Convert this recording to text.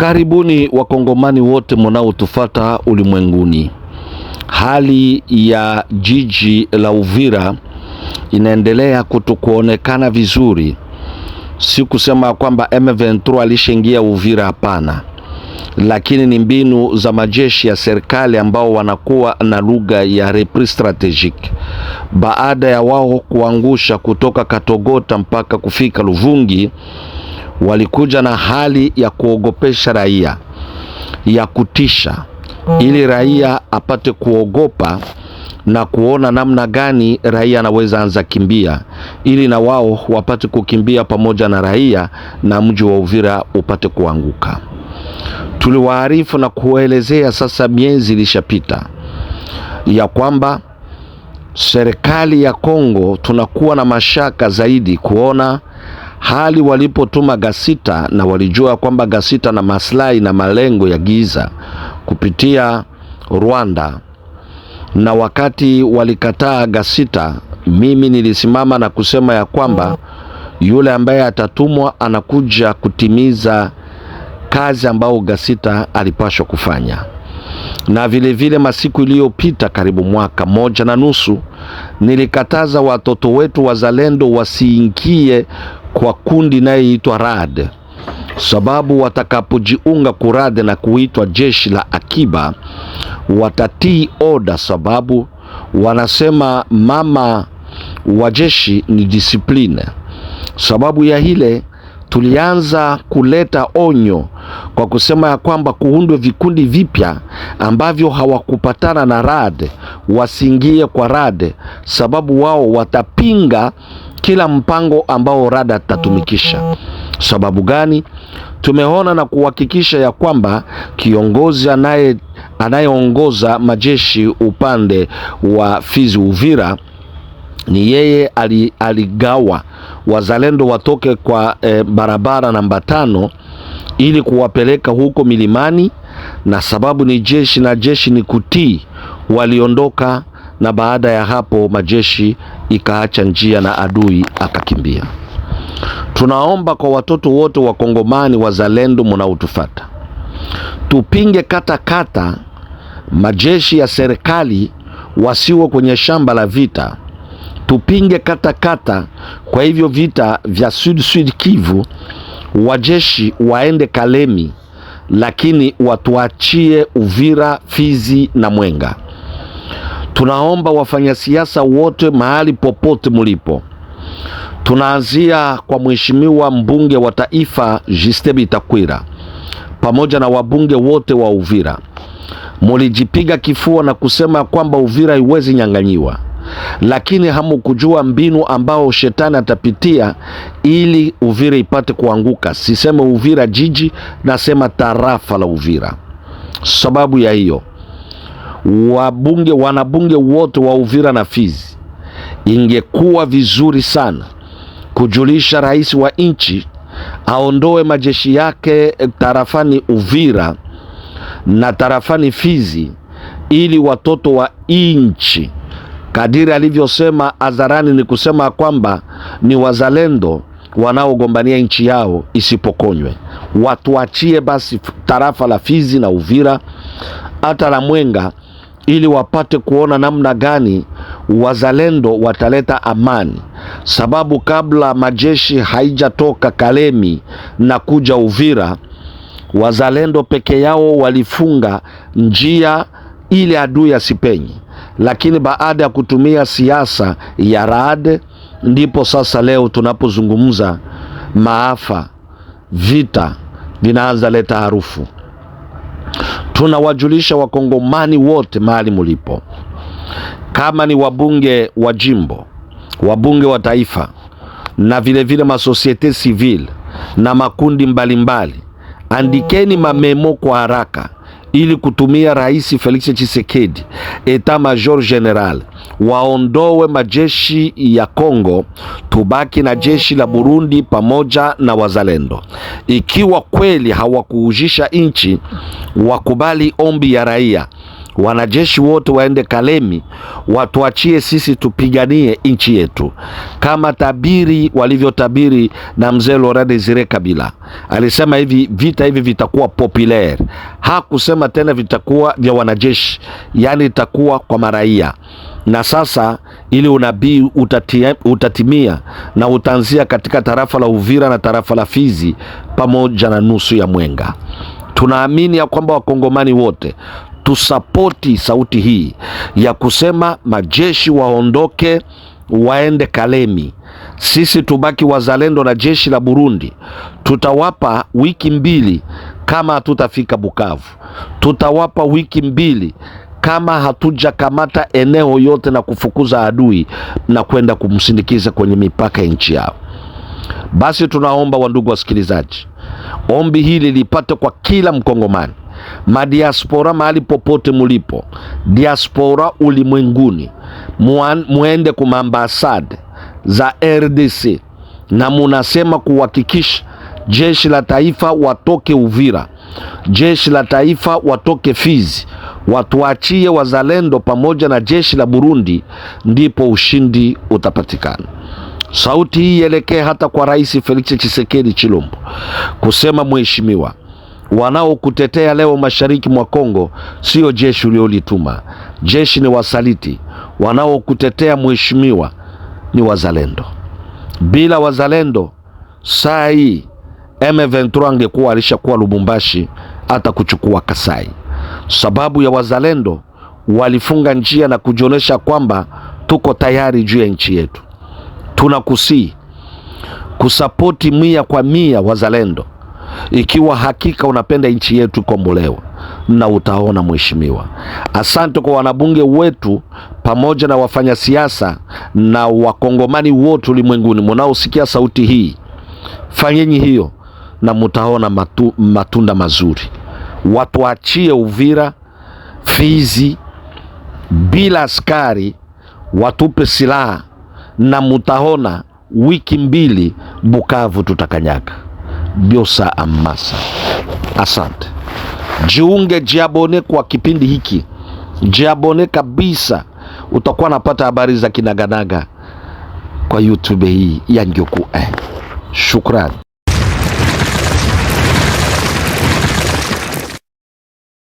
Karibuni wakongomani wote mnaotufata ulimwenguni. Hali ya jiji la Uvira inaendelea kutokuonekana vizuri. Si kusema kwamba M23 alishaingia Uvira, hapana, lakini ni mbinu za majeshi ya serikali ambao wanakuwa na lugha ya repris strategique. Baada ya wao kuangusha kutoka Katogota mpaka kufika Luvungi walikuja na hali ya kuogopesha raia, ya kutisha, ili raia apate kuogopa na kuona namna gani raia anaweza anza kimbia ili na wao wapate kukimbia pamoja na raia na mji wa Uvira upate kuanguka. Tuliwaarifu na kuelezea, sasa miezi ilishapita, ya kwamba serikali ya Kongo tunakuwa na mashaka zaidi kuona hali walipotuma Gasita na walijua kwamba Gasita na maslahi na malengo ya Giza kupitia Rwanda, na wakati walikataa Gasita, mimi nilisimama na kusema ya kwamba yule ambaye atatumwa anakuja kutimiza kazi ambayo Gasita alipashwa kufanya. Na vilevile vile masiku iliyopita karibu mwaka moja na nusu, nilikataza watoto wetu wazalendo wasiingie kwa kundi inayoitwa RAD, sababu watakapojiunga kurad na kuitwa jeshi la akiba watatii oda, sababu wanasema mama wa jeshi ni disipline. Sababu ya hile tulianza kuleta onyo kwa kusema ya kwamba kuundwe vikundi vipya ambavyo hawakupatana na RAD wasiingie kwa RAD, sababu wao watapinga kila mpango ambao rada tatumikisha. Sababu gani? Tumeona na kuhakikisha ya kwamba kiongozi anaye anayeongoza majeshi upande wa Fizi Uvira ni yeye aligawa wazalendo watoke kwa e, barabara namba tano ili kuwapeleka huko milimani, na sababu ni jeshi na jeshi ni kutii, waliondoka na baada ya hapo majeshi ikaacha njia na adui akakimbia. Tunaomba kwa watoto wote wakongomani wazalendo munaotufata, tupinge katakata kata majeshi ya serikali wasiwe kwenye shamba la vita, tupinge katakata kata. Kwa hivyo vita vya Sud Sud Kivu wajeshi waende Kalemi, lakini watuachie Uvira, Fizi na Mwenga. Tunaomba wafanyasiasa wote mahali popote mlipo, tunaanzia kwa mheshimiwa mbunge wa taifa Justin Bitakwira pamoja na wabunge wote wa Uvira, mulijipiga kifua na kusema kwamba Uvira haiwezi nyang'anyiwa, lakini hamukujua mbinu ambao shetani atapitia ili Uvira ipate kuanguka. Siseme Uvira jiji, nasema tarafa la Uvira. Sababu ya hiyo wabunge, wanabunge wote wa Uvira na Fizi, ingekuwa vizuri sana kujulisha rais wa nchi aondoe majeshi yake tarafani Uvira na tarafani Fizi ili watoto wa nchi kadiri alivyosema hadharani, ni kusema kwamba ni wazalendo wanaogombania nchi yao isipokonywe. Watuachie basi tarafa la Fizi na Uvira hata la Mwenga ili wapate kuona namna gani wazalendo wataleta amani, sababu kabla majeshi haijatoka Kalemi na kuja Uvira, wazalendo peke yao walifunga njia ili adui asipenye, lakini baada ya kutumia siasa ya raade, ndipo sasa leo tunapozungumza maafa, vita vinaanza leta harufu. Tunawajulisha wakongomani wote mahali mulipo, kama ni wabunge wa jimbo, wabunge wa taifa na vilevile masosiete civile na makundi mbalimbali mbali. Andikeni mamemo kwa haraka ili kutumia Rais Felix Tshisekedi eta major general waondowe majeshi ya Kongo, tubaki na jeshi la Burundi pamoja na wazalendo. Ikiwa kweli hawakuujisha nchi, wakubali ombi ya raia wanajeshi wote waende Kalemi, watuachie sisi tupiganie nchi yetu, kama tabiri walivyotabiri na mzee Laurent Desire Kabila. Alisema hivi vita hivi vitakuwa populaire, hakusema tena vitakuwa vya wanajeshi, yaani itakuwa kwa maraia. Na sasa ili unabii utatimia na utaanzia katika tarafa la Uvira na tarafa la Fizi pamoja na nusu ya Mwenga. Tunaamini ya kwamba wakongomani wote tusapoti sauti hii ya kusema majeshi waondoke waende Kalemi, sisi tubaki wazalendo na jeshi la Burundi. Tutawapa wiki mbili kama hatutafika Bukavu, tutawapa wiki mbili kama hatujakamata eneo yote na kufukuza adui na kwenda kumsindikiza kwenye mipaka ya nchi yao. Basi tunaomba wandugu wasikilizaji, ombi hili lipate kwa kila Mkongomani madiaspora, mahali popote mulipo, diaspora ulimwenguni, muende kumaambasade za RDC na munasema kuhakikisha jeshi la taifa watoke Uvira, jeshi la taifa watoke Fizi, watuachie wazalendo pamoja na jeshi la Burundi, ndipo ushindi utapatikana. Sauti hii ielekee hata kwa Rais Felix Tshisekedi Chilombo kusema, mheshimiwa wanaokutetea leo mashariki mwa Kongo sio jeshi uliolituma. Jeshi ni wasaliti. Wanaokutetea mheshimiwa ni wazalendo. Bila wazalendo saa hii M23 angekuwa alishakuwa Lubumbashi, hata kuchukua Kasai. Sababu ya wazalendo walifunga njia na kujionyesha kwamba tuko tayari juu ya nchi yetu. Tunakusii kusapoti mia kwa mia wazalendo ikiwa hakika unapenda nchi yetu ikombolewa, na utaona mheshimiwa. Asante kwa wanabunge wetu pamoja na wafanyasiasa na wakongomani wote ulimwenguni munaosikia sauti hii, fanyeni hiyo na mutaona matu, matunda mazuri. Watuachie Uvira, Fizi bila askari, watupe silaha na mutaona wiki mbili Bukavu tutakanyaga biosa Amasa. Asante, jiunge, jiabone kwa kipindi hiki, jiabone kabisa, utakuwa napata habari za kinaganaga kwa YouTube hii ya Ngyoku. Eh, shukrani.